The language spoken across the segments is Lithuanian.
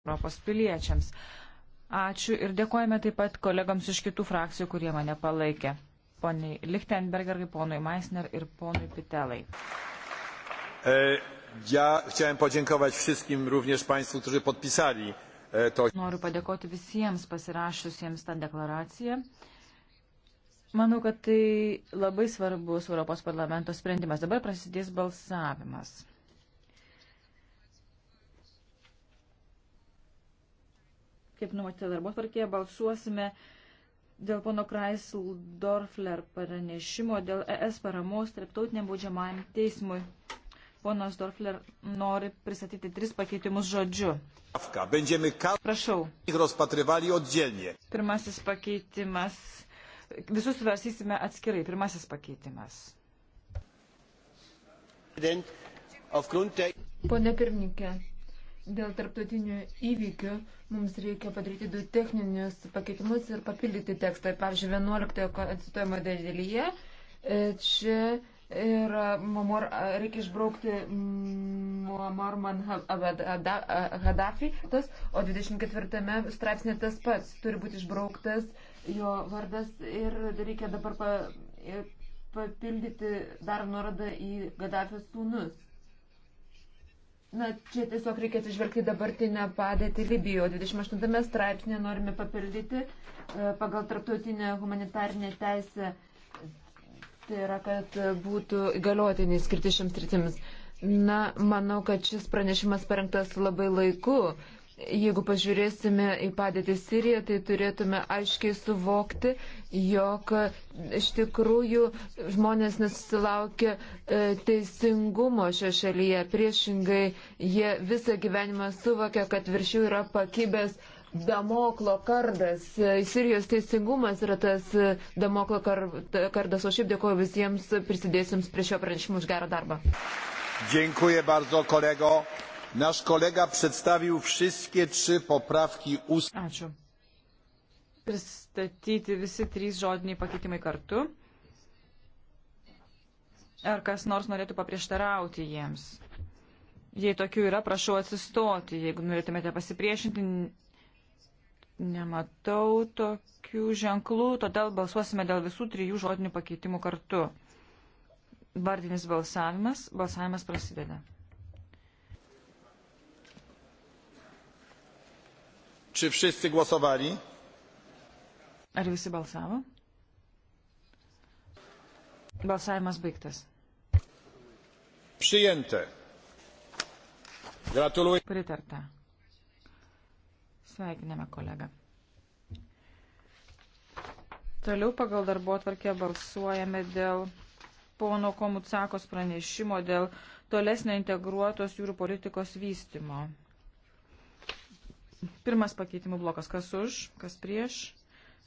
Europos piliečiams. Ačiū ir dėkojame taip pat kolegams iš kitų frakcijų, kurie mane palaikė. Poniai Lichtenbergerai, ponui Meisner ir ponui Pitelai. E, ja chciałem podziękować wszystkim, również Państwu, którzy podpisali e, to. Noriu padėkoti visiems pasirašiusiems tą deklaraciją. Manau, kad tai labai svarbus Europos parlamento sprendimas. Dabar prasidės balsavimas. kaip numatyta darbo tvarkėje, balsuosime dėl pono Kreisldorfler pranešimo dėl ES paramos tarptautiniam baudžiamajam teismui. Ponas Dorfler nori pristatyti tris pakeitimus žodžiu. Prašau. Pirmasis pakeitimas. Visus svarsysime atskirai. Pirmasis pakeitimas. Pone pirmininkė, Dėl tarptautinių įvykių mums reikia padaryti du techninius pakeitimus ir papildyti tekstą. Pavyzdžiui, 11 konstituojimo dalyje e, čia yra, mamor, reikia išbraukti Muammar Gaddafi, tas, o 24 straipsnė tas pats turi būti išbrauktas jo vardas ir reikia dabar pa, papildyti dar nuorodą į Gaddafio sūnus. Na, čia tiesiog reikia atsižvelgti dabartinę padėtį Libijoje. 28 straipsnė norime papildyti e, pagal tarptautinę humanitarinę teisę. Tai yra, kad būtų įgaliotiniai skirti šiems tritims. Na, manau, kad šis pranešimas parengtas labai laiku, Jeigu pažiūrėsime į padėtį Siriją, tai turėtume aiškiai suvokti, jog iš tikrųjų žmonės nesusilaukia e, teisingumo šioje šalyje. Priešingai, jie visą gyvenimą suvokia, kad virš jų yra pakibęs Damoklo kardas. E, Sirijos teisingumas yra tas e, Damoklo kar, kardas. O šiaip dėkuoju visiems prisidėjusiems prie šio pranešimo už gerą darbą. Dziękuję bardzo, kolego. Nasz kolega przedstawił wszystkie trzy poprawki ustne. Ačiū. Pristatyti visi trys žodiniai pakeitimai kartu. Ar kas nors norėtų paprieštarauti jiems? Jei tokių yra, prašau atsistoti. Jeigu norėtumėte pasipriešinti, nematau tokių ženklų, todėl balsuosime dėl visų trijų žodinių pakeitimų kartu. Vardinis balsavimas. Balsavimas prasideda. Czy wszyscy głosowali? Ar visi balsavo? Balsavimas baigtas. Przyjęte. Gratuluję. Pritarta. Sveikiname kolegą. Toliau pagal darbo atvarkę balsuojame dėl pono Komutsakos pranešimo dėl tolesnio integruotos jūrų politikos vystymo. Pirmas pakeitimų blokas. Kas už, kas prieš,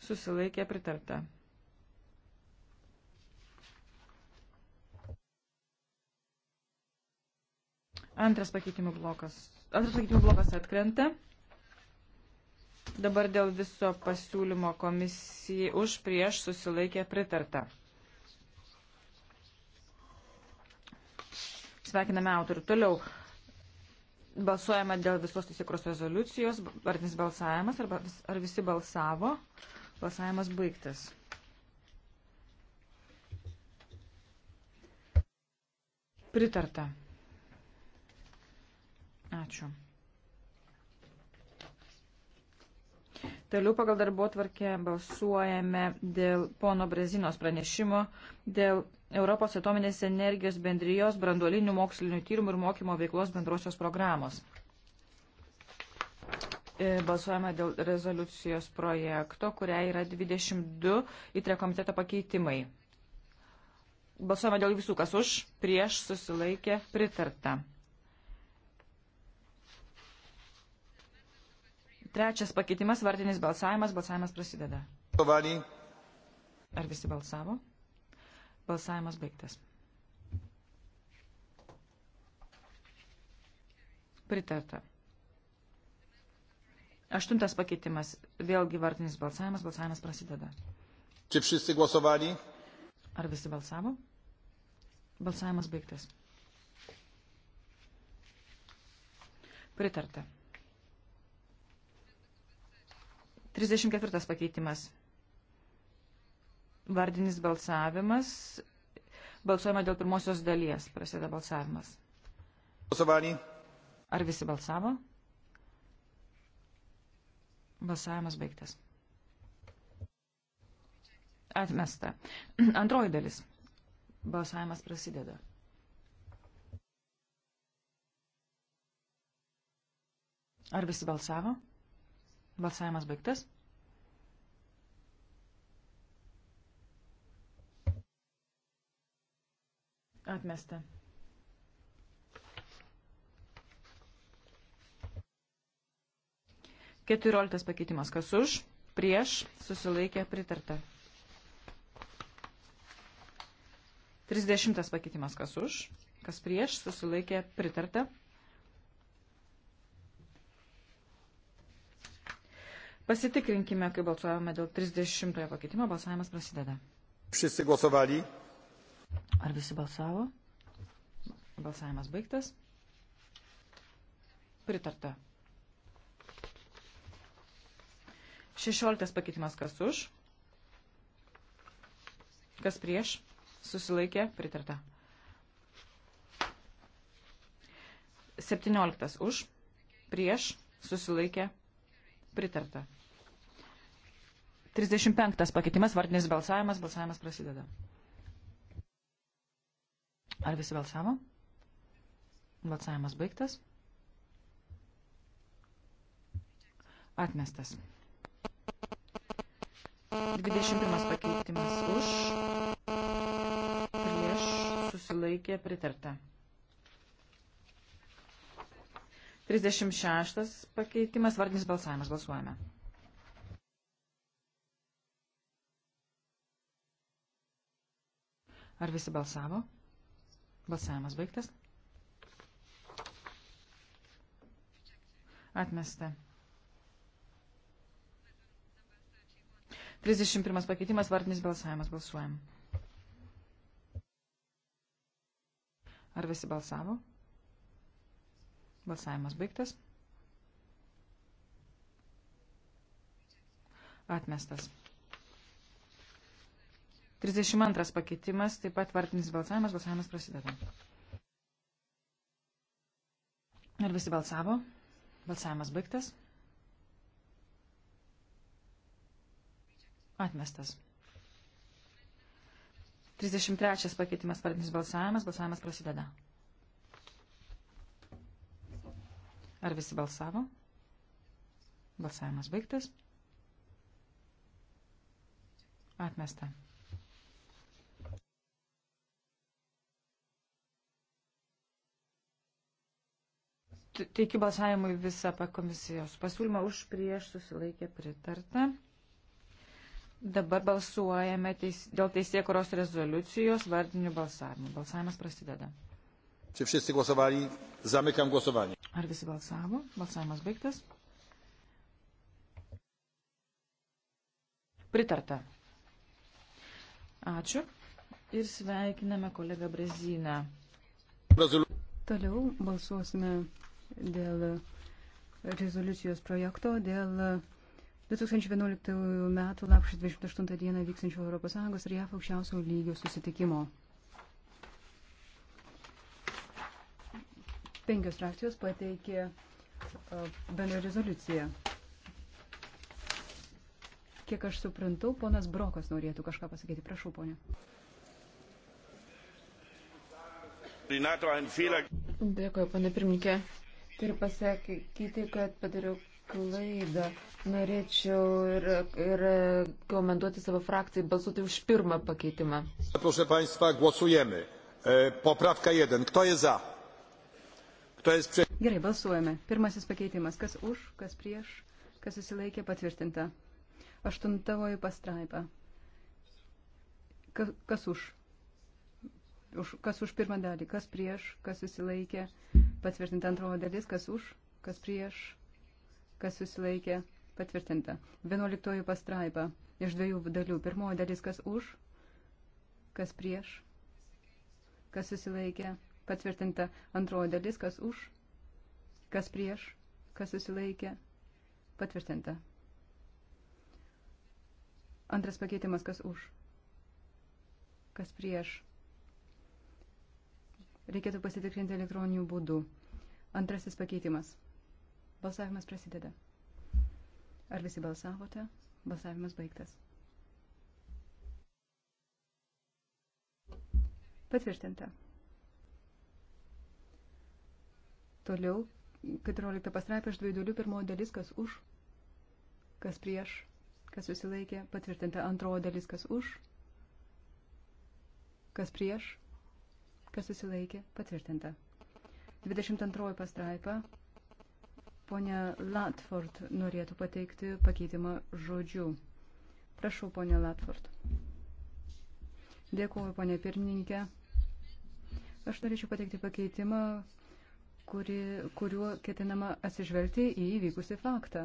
susilaikė pritarta. Antras pakeitimų blokas. Antras pakeitimų blokas atkrenta. Dabar dėl viso pasiūlymo komisijai už prieš susilaikė pritarta. Sveikiname autorių. Toliau. Balsuojame dėl visos teisėkros rezoliucijos. Vardinis balsavimas. Ar, ar visi balsavo? Balsavimas baigtas. Pritarta. Ačiū. Toliau pagal darbo tvarkę balsuojame dėl pono Brezinos pranešimo dėl Europos atominės energijos bendrijos branduolinių mokslinių tyrimų ir mokymo veiklos bendrosios programos. E, Balsuojama dėl rezoliucijos projekto, kuria yra 22 įtre komiteto pakeitimai. Balsuojama dėl visų, kas už, prieš, susilaikė, pritarta. Trečias pakeitimas, vardinis balsavimas, balsavimas prasideda. Ar visi balsavo? Balsavimas baigtas. Pritarta. Aštuntas pakeitimas, vėlgi vardinis balsavimas, balsavimas prasideda. Čia visi głosovali? Ar visi balsavo? Balsavimas baigtas. Pritarta. 34 pakeitimas. Vardinis balsavimas. Balsuojama dėl pirmosios dalies. Prasideda balsavimas. Balsavani. Ar visi balsavo? Balsavimas baigtas. Atmesta. Antroji dalis. Balsavimas prasideda. Ar visi balsavo? Balsavimas baigtas. Atmesta. Keturioltas pakeitimas. Kas už? Prieš susilaikė pritarta. Trisdešimtas pakeitimas. Kas už? Kas prieš susilaikė pritarta. Pasitikrinkime, kai balsuojame dėl 30 pakeitimo. Balsavimas prasideda. Visi balsavali? Ar visi balsavo? Balsavimas baigtas. Pritarta. 16 pakeitimas kas už, kas prieš, susilaikė, pritarta. 17 už, prieš, susilaikė, pritarta. Pritarta. 35 pakeitimas, vardinis balsavimas, balsavimas prasideda. Ar visi balsavo? Balsavimas baigtas. Atmestas. 21 pakeitimas už, prieš, susilaikė, pritarta. 36 pakeitimas, vardinis balsavimas, balsuojame. Ar visi balsavo? Balsavimas baigtas. Atmesta. 31 pakeitimas, vardinis balsavimas, balsuojam. Ar visi balsavo? Balsavimas baigtas. Atmestas. 32 pakeitimas, taip pat vartinis balsavimas, balsavimas prasideda. Ar visi balsavo? Balsavimas baigtas. Atmestas. 33 pakeitimas, vardinis balsavimas, balsavimas prasideda. Ar visi balsavo? Balsavimas baigtas. Atmesta. Teikiu balsavimui visą komisijos pasiūlymą už prieš susilaikė pritarta. Dabar balsuojame teis, dėl teisėkuros rezoliucijos vardinių balsavimų. Balsavimas prasideda. Čia visi głosowali? Zamykam głosowanie. Ar visi balsavo? Balsavimas baigtas. Pritarta. Ačiū. Ir sveikiname kolegą Breziną. Toliau balsuosime dėl rezoliucijos projekto, dėl 2011 m. lapkričio 28 d. vyksančio ES ir JAF aukščiausio lygio susitikimo. Penkios frakcijos pateikė bendrą rezoliuciją. Kiek aš suprantu, ponas Brokas norėtų kažką pasakyti. Prašau, ponė. Dėkuoju, ponė pirmininkė. Turiu pasakyti, kad padariau klaidą. Norėčiau ir, ir komenduoti savo frakcijai balsuoti už pirmą pakeitimą. Proszę Państwa, głosujemy. E, poprawka 1. Kto jest za? Gerai, balsuojame. Pirmasis pakeitimas. Kas už, kas prieš, kas susilaikė patvirtinta. Aštuntavoji pastraipa. Kas, kas už? už? Kas už pirmą dalį? Kas prieš, kas susilaikė patvirtinta antroji dalis? Kas už, kas prieš, kas susilaikė patvirtinta. Vienuoliktoji pastraipa. Iš dviejų dalių. Pirmoji dalis kas už, kas prieš, kas susilaikė Patvirtinta antroji dalis, kas už, kas prieš, kas susilaikė. Patvirtinta. Antras pakeitimas, kas už, kas prieš. Reikėtų pasitikrinti elektroninių būdų. Antrasis pakeitimas. Balsavimas prasideda. Ar visi balsavote? Balsavimas baigtas. Patvirtinta. Toliau 14 pastraipė iš dviejų dalių pirmoji dalis, kas už, kas prieš, kas susilaikė, patvirtinta antroji dalis, kas už, kas prieš, kas susilaikė, patvirtinta. 22 pastraipa. Pone Latford norėtų pateikti pakeitimą žodžių. Prašau, ponė Latford. Dėkuoju, ponė pirmininkė. Aš norėčiau pateikti pakeitimą kuri, kuriuo ketinama atsižvelgti į įvykusi faktą.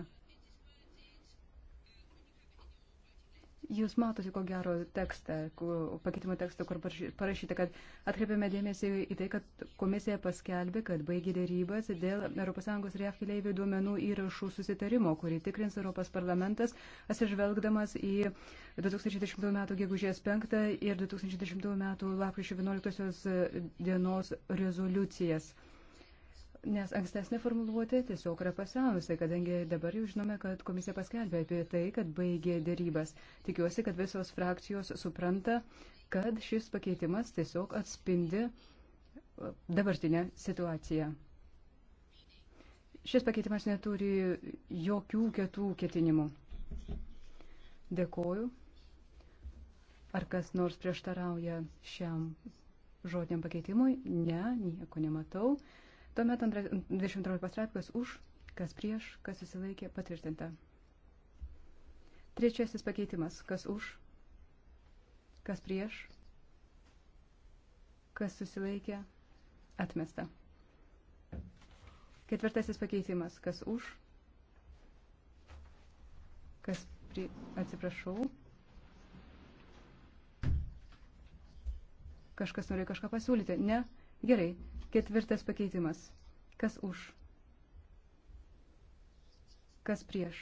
Jūs matote, ko gero, tekstą, pakeitimo tekstą, kur parašyta, kad atkreipiame dėmesį į tai, kad komisija paskelbė, kad baigė dėrybas dėl ES REF keleivių duomenų įrašų susitarimo, kurį tikrins Europos parlamentas, atsižvelgdamas į 2010 m. gegužės 5 ir 2010 m. lapkričio 11 dienos rezoliucijas. Nes ankstesnė formuluotė tiesiog yra pasenusi, kadangi dabar jau žinome, kad komisija paskelbė apie tai, kad baigė dėrybas. Tikiuosi, kad visos frakcijos supranta, kad šis pakeitimas tiesiog atspindi uh, dabartinę situaciją. Šis pakeitimas neturi jokių kietų ketinimų. Dėkoju. Ar kas nors prieštarauja šiam žodiniam pakeitimui? Ne, nieko nematau. Tuomet 22 pastraipkas už, kas prieš, kas susilaikė, patvirtinta. Trečiasis pakeitimas, kas už, kas prieš, kas susilaikė, atmesta. Ketvirtasis pakeitimas, kas už, kas pri... atsiprašau. Kažkas nori kažką pasiūlyti. Ne? Gerai. Ketvirtas pakeitimas. Kas už? Kas prieš?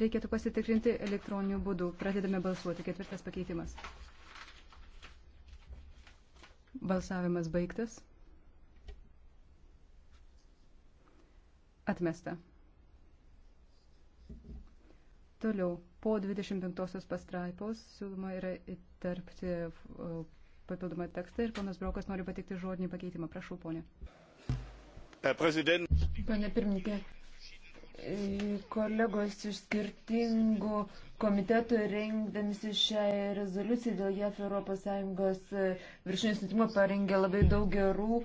Reikėtų pasitikrinti elektroniniu būdu. Pradedame balsuoti. Ketvirtas pakeitimas. Balsavimas baigtas. Atmesta. Toliau, po 25 pastraipos siūloma yra įterpti uh, papildomą tekstą ir ponas Brokas nori pateikti žodinį pakeitimą. Prašau, ponė. Pane pirmininkė, kolegos iš skirtingų komitetų rengdamisi šią rezoliuciją dėl JAF Europos Sąjungos viršinio sutimo parengė labai daug gerų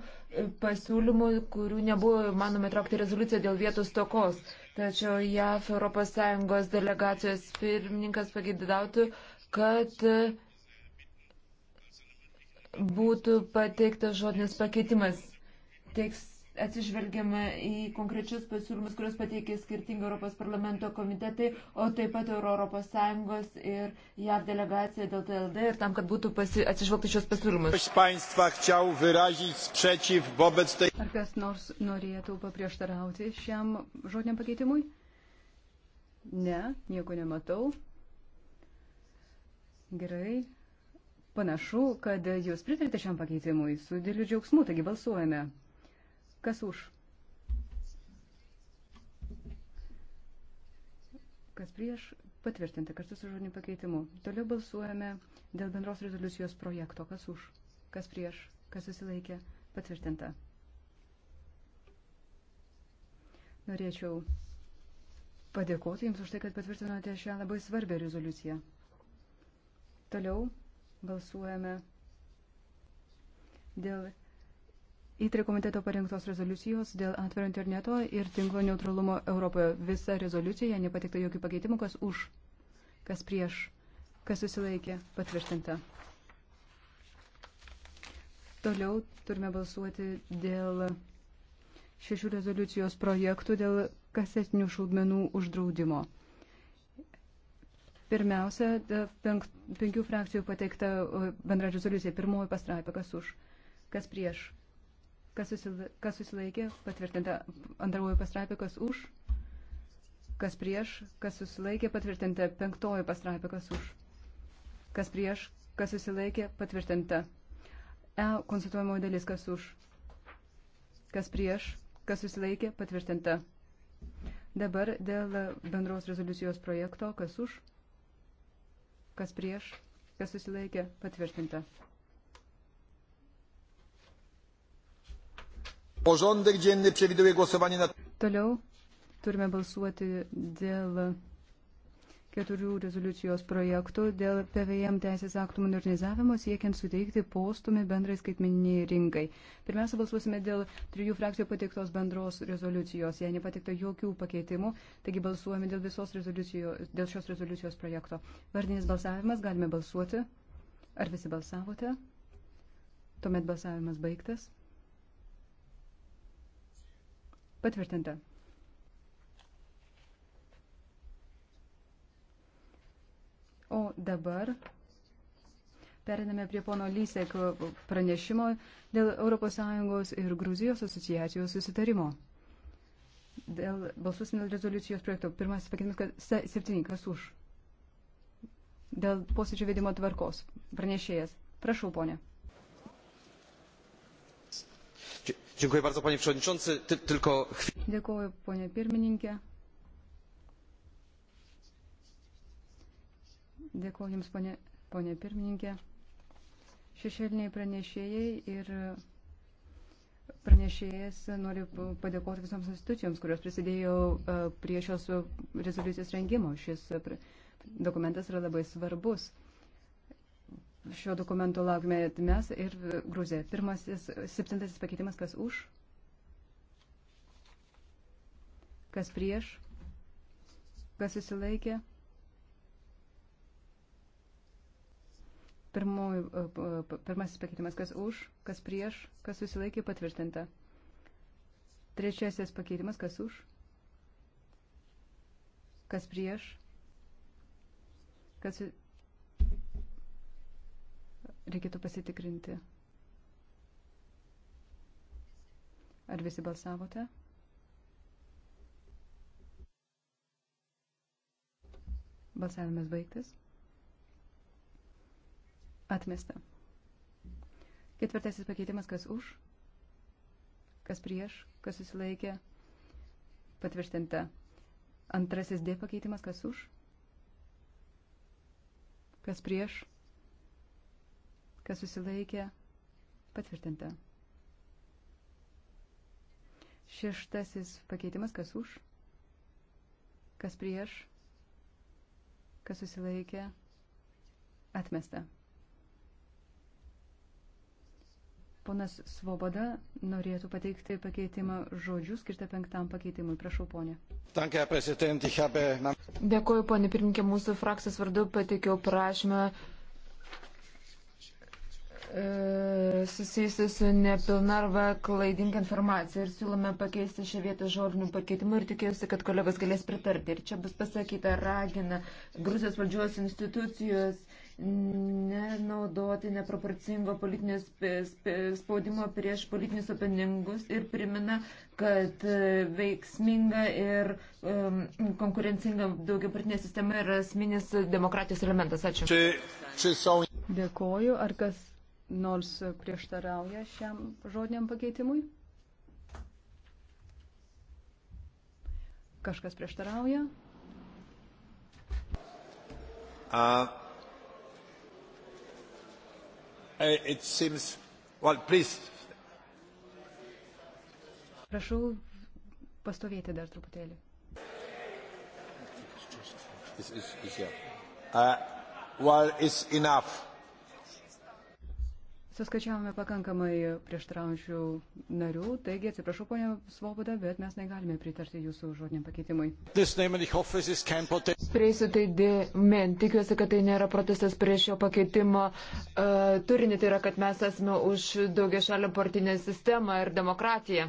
pasiūlymų, kurių nebuvo manoma traukti rezoliuciją dėl vietos tokos. Tačiau JAF Europos Sąjungos delegacijos pirmininkas pageidautų, kad būtų pateiktas žodinis pakeitimas. Teiks atsižvelgiama į konkrečius pasiūlymus, kuriuos pateikė skirtingi Europos parlamento komitetai, o taip pat Europos Sąjungos ir JAV delegacija dėl TLD ir tam, kad būtų pasi... atsižvelgti šios pasiūlymus. Ar kas nors norėtų paprieštarauti šiam žodiniam pakeitimui? Ne, nieko nematau. Gerai, Panašu, kad jūs pritarite šiam pakeitimui su dideliu džiaugsmu, taigi balsuojame. Kas už? Kas prieš? Patvirtinti kartu su žodiniu pakeitimu. Toliau balsuojame dėl bendros rezoliucijos projekto. Kas už? Kas prieš? Kas susilaikė? Patvirtinta. Norėčiau padėkoti Jums už tai, kad patvirtinote šią labai svarbę rezoliuciją. Toliau Balsuojame dėl įtri komiteto parengtos rezoliucijos dėl atviro interneto ir tinklo neutralumo Europoje. Visa rezoliucija, nepatikta jokių pakeitimų, kas už, kas prieš, kas susilaikė, patvirtinta. Toliau turime balsuoti dėl šešių rezoliucijos projektų dėl kasetinių šaudmenų uždraudimo. Pirmiausia, penk, penkių frakcijų pateikta bendra rezoliucija, pirmoji pastraipa, kas už, kas prieš, kas, susila, kas susilaikė, patvirtinta antroji pastraipa, kas už, kas prieš, kas susilaikė, patvirtinta penktoji pastraipa, kas už, kas prieš, kas susilaikė, patvirtinta. E konsultuojamoji dalis, kas už, kas prieš, kas susilaikė, patvirtinta. Dabar dėl bendros rezoliucijos projekto, kas už kas prieš, kas susilaikė, patvirtinta. Porządek dzienny przewiduje głosowanie na... Toliau turime balsuoti dėl keturių rezoliucijos projektų dėl PVM teisės aktų modernizavimo siekiant suteikti postumį bendrai skaitmeniniai rinkai. Pirmiausia, balsuosime dėl trijų frakcijų pateiktos bendros rezoliucijos. Jei nepateikta jokių pakeitimų, taigi balsuojame dėl visos rezoliucijos, dėl šios rezoliucijos projekto. Vardinis balsavimas, galime balsuoti. Ar visi balsavote? Tuomet balsavimas baigtas. Patvirtinta. O dabar periname prie pono Lysek pranešimo dėl ES ir Gruzijos asociacijos susitarimo. Dėl balsus dėl rezoliucijos projekto. Pirmasis pakeitimas, kad septyni, kas už. Dėl posėdžio vedimo tvarkos. Pranešėjas. Prašau, ponė. Dziękuję bardzo, panie przewodniczący. Ty, tylko... Dėkuoju, ponė pirmininkė. Dėkuoju Jums, ponė, ponė pirmininkė. Šešėliniai pranešėjai ir pranešėjas noriu padėkoti visoms institucijoms, kurios prisidėjo e, prie šios rezoliucijos rengimo. Šis dokumentas yra labai svarbus. Šio dokumento laukime mes ir Gruzija. Pirmasis, septintasis pakeitimas, kas už, kas prieš, kas susilaikė. Pirmoji, e, pirmasis pakeitimas, kas už, kas prieš, kas susilaikė patvirtinta. Trečiasis pakeitimas, kas už, kas prieš, kas reikėtų pasitikrinti. Ar visi balsavote? Balsavimas baigtas. Atmesta. Ketvirtasis pakeitimas, kas už, kas prieš, kas susilaikė. Patvirtinta. Antrasis D pakeitimas, kas už, kas prieš, kas susilaikė. Patvirtinta. Šeštasis pakeitimas, kas už, kas prieš, kas susilaikė, atmesta. Ponas Svoboda norėtų pateikti pakeitimą žodžių skirtą penktam pakeitimui. Prašau, ponė. Dėkuoju, ponė pirminkė, mūsų frakcijos vardu pateikiau prašymą e, susijusi su nepilna arba klaidinga informacija ir siūlome pakeisti šią vietą žodinių pakeitimų ir tikėjusi, kad kolegos galės pritarti. Ir čia bus pasakyta, ragina Gruzijos valdžios institucijos uh, nenaudoti neproporcingo politinio spaudimo prieš politinius openingus ir primena, kad e, veiksminga ir um, konkurencinga daugiapartinė sistema yra asmenis demokratijos elementas. Ačiū. Dėkoju. Ar kas nors prieštarauja šiam žodiniam pakeitimui? Kažkas prieštarauja? Uh. Eh, it seems, well, please. Prašau pastovėti dar truputėlį. It's, it's, it's, yeah. uh, well, it's enough. Suskaičiavome pakankamai prieštraujančių narių, taigi atsiprašau, ponia Svoboda, bet mes negalime pritarti jūsų žodiniam pakeitimui. Prieisiu tai dėmen, tikiuosi, kad tai nėra protestas prieš jo pakeitimo uh, turinį, tai yra, kad mes esame už daugia šalia partinę sistemą ir demokratiją.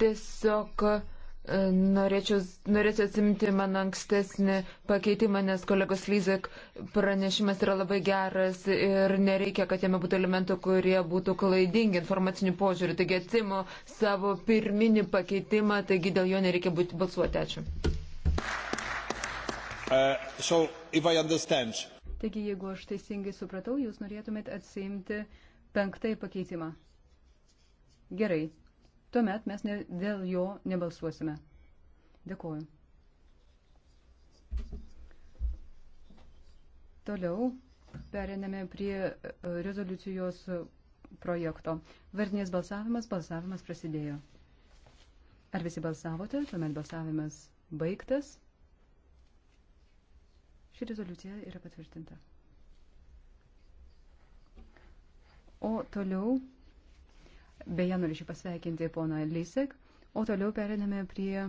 Tiesiog. Uh, Norėčiau, norėčiau atsimti mano ankstesnį pakeitimą, nes kolegos Lyzik pranešimas yra labai geras ir nereikia, kad jame būtų elementų, kurie būtų klaidingi informacinių požiūrių. Taigi atsimu savo pirminį pakeitimą, taigi dėl jo nereikia būti balsuoti. Ačiū. Uh, so, taigi, jeigu aš teisingai supratau, jūs norėtumėt atsimti penktąjį pakeitimą. Gerai tuomet mes ne, dėl jo nebalsuosime. Dėkuoju. Toliau periname prie e, rezoliucijos projekto. Vardinės balsavimas, balsavimas prasidėjo. Ar visi balsavote? Tuomet balsavimas baigtas. Ši rezoliucija yra patvirtinta. O toliau Beje, norėčiau pasveikinti poną Lisek, o toliau periname prie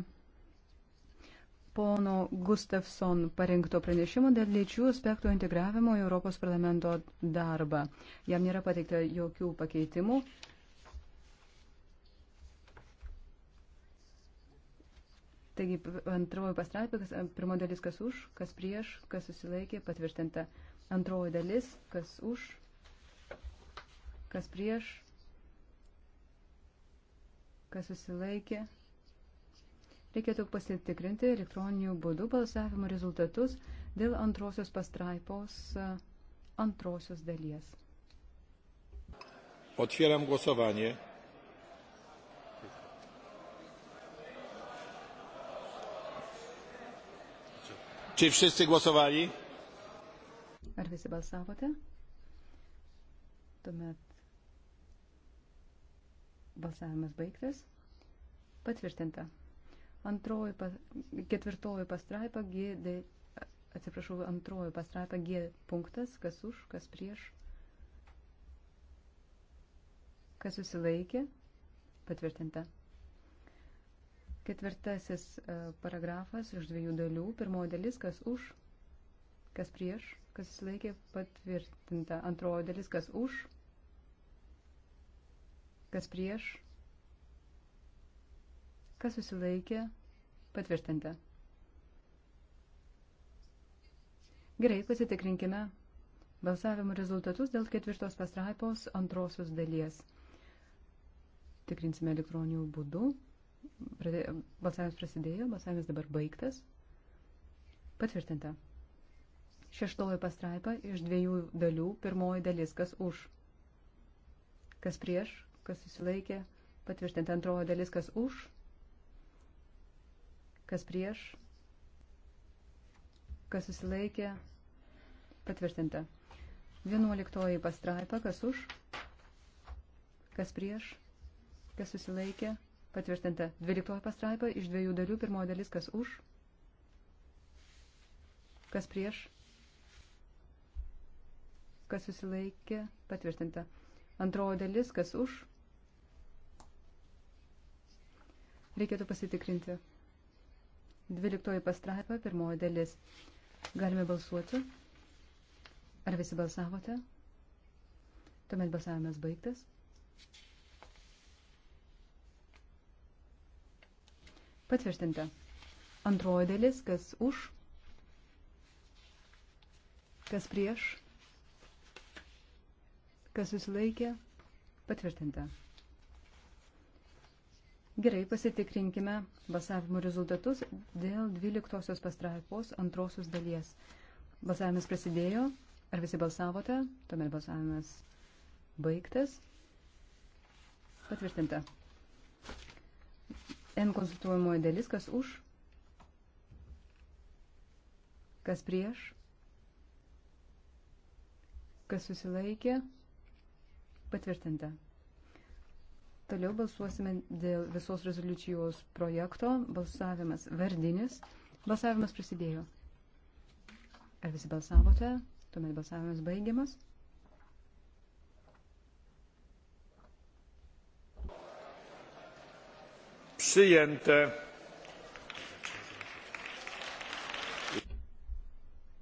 pono Gustafson parengto pranešimo dėl lyčių aspektų integravimo į Europos parlamento darbą. Jam nėra pateikta jokių pakeitimų. Taigi antroji pastraipė, kas, pirmo dalis kas už, kas prieš, kas susilaikė, patvirtinta. Antroji dalis kas už, kas prieš, kas susilaikė. Reikėtų pasitikrinti elektroninių būdų balsavimo rezultatus dėl antrosios pastraipos antrosios dalies. Otwieram głosowanie. Czy wszyscy głosowali? Ar visi balsavote? Tuomet Balsavimas baigtas. Patvirtinta. Antroji, pa, ketvirtoji pastraipa G, D, atsiprašau, antroji pastraipa G punktas, kas už, kas prieš, kas susilaikė, patvirtinta. Ketvirtasis e, paragrafas iš dviejų dalių. Pirmoji dalis, kas už, kas prieš, kas susilaikė, patvirtinta. Antroji dalis, kas už, Kas prieš? Kas susilaikė? Patvirtinta. Gerai, pasitikrinkime balsavimo rezultatus dėl ketvirtos pastraipos antrosios dalies. Tikrinsime elektroninių būdų. Balsavimas prasidėjo, balsavimas dabar baigtas. Patvirtinta. Šeštoji pastraipa iš dviejų dalių. Pirmoji dalis, kas už, kas prieš, kas susilaikė, patvirtinta antroji dalis, kas už, kas prieš, kas susilaikė, patvirtinta. Vienuoliktoji pastraipa, kas už, kas prieš, kas susilaikė, patvirtinta. Dvyliktoji pastraipa iš dviejų dalių, pirmoji dalis, kas už, kas prieš, kas susilaikė, patvirtinta. Antroji dalis, kas už, Reikėtų pasitikrinti. 12 pastraipa, pirmoji dalis. Galime balsuoti. Ar visi balsavote? Tuomet balsavimas baigtas. Patvirtinta. Antroji dalis, kas už, kas prieš, kas susilaikė, patvirtinta. Gerai, pasitikrinkime balsavimo rezultatus dėl 12 pastraipos antrosios dalies. Balsavimas prasidėjo. Ar visi balsavote? Tuomet balsavimas baigtas. Patvirtinta. N konsultuojamoji dalis, kas už, kas prieš, kas susilaikė, patvirtinta. Toliau balsuosime dėl visos rezoliucijos projekto. Balsavimas vardinis. Balsavimas prasidėjo. Ar visi balsavote? Tuomet balsavimas baigiamas. Przyjęte.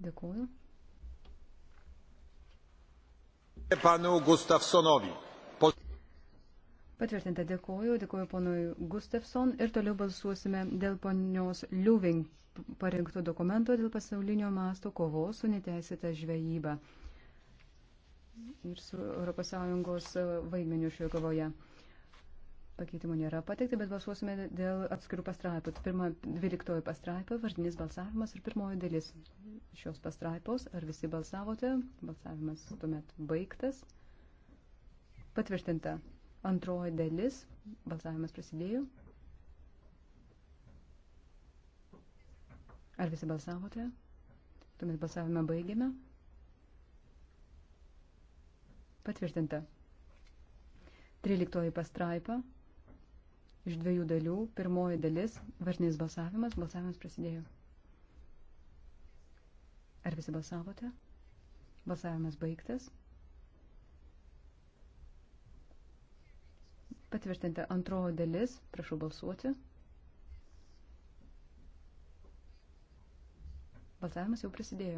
Dėkuoju. Panu Gustafsonowi. Patvirtinta, dėkoju, dėkoju ponui Gustafson ir toliau balsuosime dėl ponios Liuving parengto dokumento dėl pasaulinio masto kovos su neteisėta žvejyba ir su ES vaidmeniu šioje kovoje. Pakeitimų nėra pateikti, bet balsuosime dėl atskirų pastraipų. Pirma, 12 pastraipa, vardinis balsavimas ir pirmoji dalis šios pastraipos. Ar visi balsavote? Balsavimas tuomet baigtas. Patvirtinta. Antroji dalis. Balsavimas prasidėjo. Ar visi balsavote? Tuomet balsavimą baigiame. Patvirtinta. Tryliktoji pastraipa. Iš dviejų dalių. Pirmoji dalis. Vardinis balsavimas. Balsavimas prasidėjo. Ar visi balsavote? Balsavimas baigtas. Patvirtinta antroji dalis. Prašau balsuoti. Balsavimas jau prasidėjo.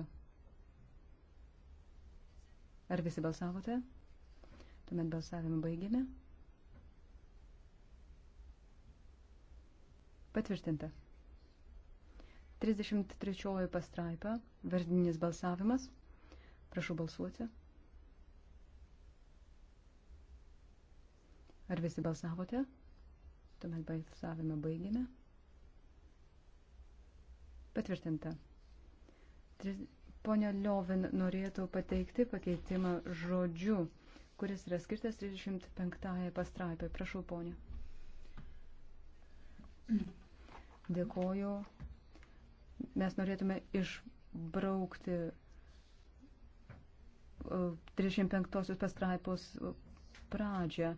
Ar visi balsavote? Tuomet balsavimą baigėme. Patvirtinta. 33 pastraipa, vardinis balsavimas. Prašau balsuoti. Ar visi balsavote? Tuomet balsavimą baigėme. Patvirtinta. Tris... Pone Liovin norėtų pateikti pakeitimą žodžiu, kuris yra skirtas 35 pastraipai. Prašau, ponė. Dėkoju. Mes norėtume išbraukti 35 e, pastraipos e, pradžią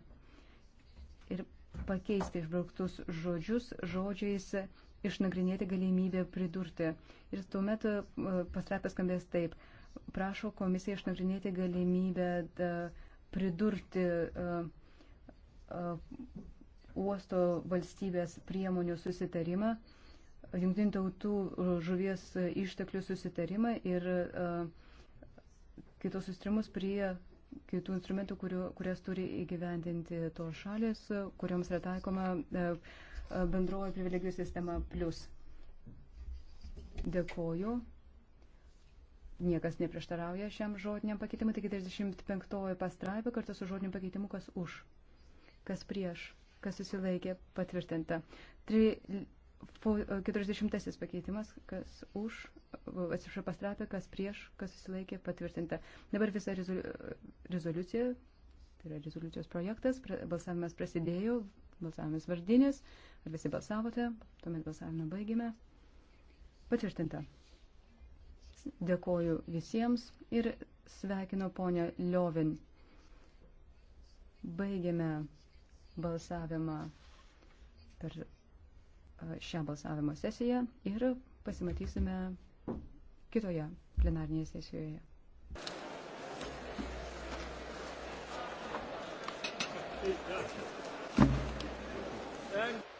ir pakeisti išbrauktus žodžius žodžiais išnagrinėti galimybę pridurti. Ir tuomet e, pastrapės skambės taip. Prašo komisija išnagrinėti galimybę da, e, pridurti uh, uh, uosto valstybės priemonių susitarimą, jungtinių tautų žuvies išteklių susitarimą ir uh, kitos sustrimus prie kitų instrumentų, kuriu, kurias turi įgyvendinti tos šalis, kuriuoms yra taikoma e, e, bendroji privilegijų sistema plus. Dėkoju. Niekas neprieštarauja šiam žodiniam pakeitimui. Taigi 35 pastraipė kartu su žodiniu pakeitimu, kas už, kas prieš, kas susilaikė, patvirtinta. 3, 40 e, pakeitimas, kas už, e, atsiprašau, pastrapė, kas prieš, kas susilaikė, patvirtinta. Dabar visa rezoliucija, tai yra rezoliucijos projektas, balsavimas prasidėjo, balsavimas vardinis, ar visi balsavote, tuomet balsavimą baigėme. Patvirtinta. Dėkoju visiems ir sveikinu ponę Liovin. Baigėme balsavimą per šią balsavimo sesiją ir pasimatysime kitoje plenarnėje sesijoje. Thank you.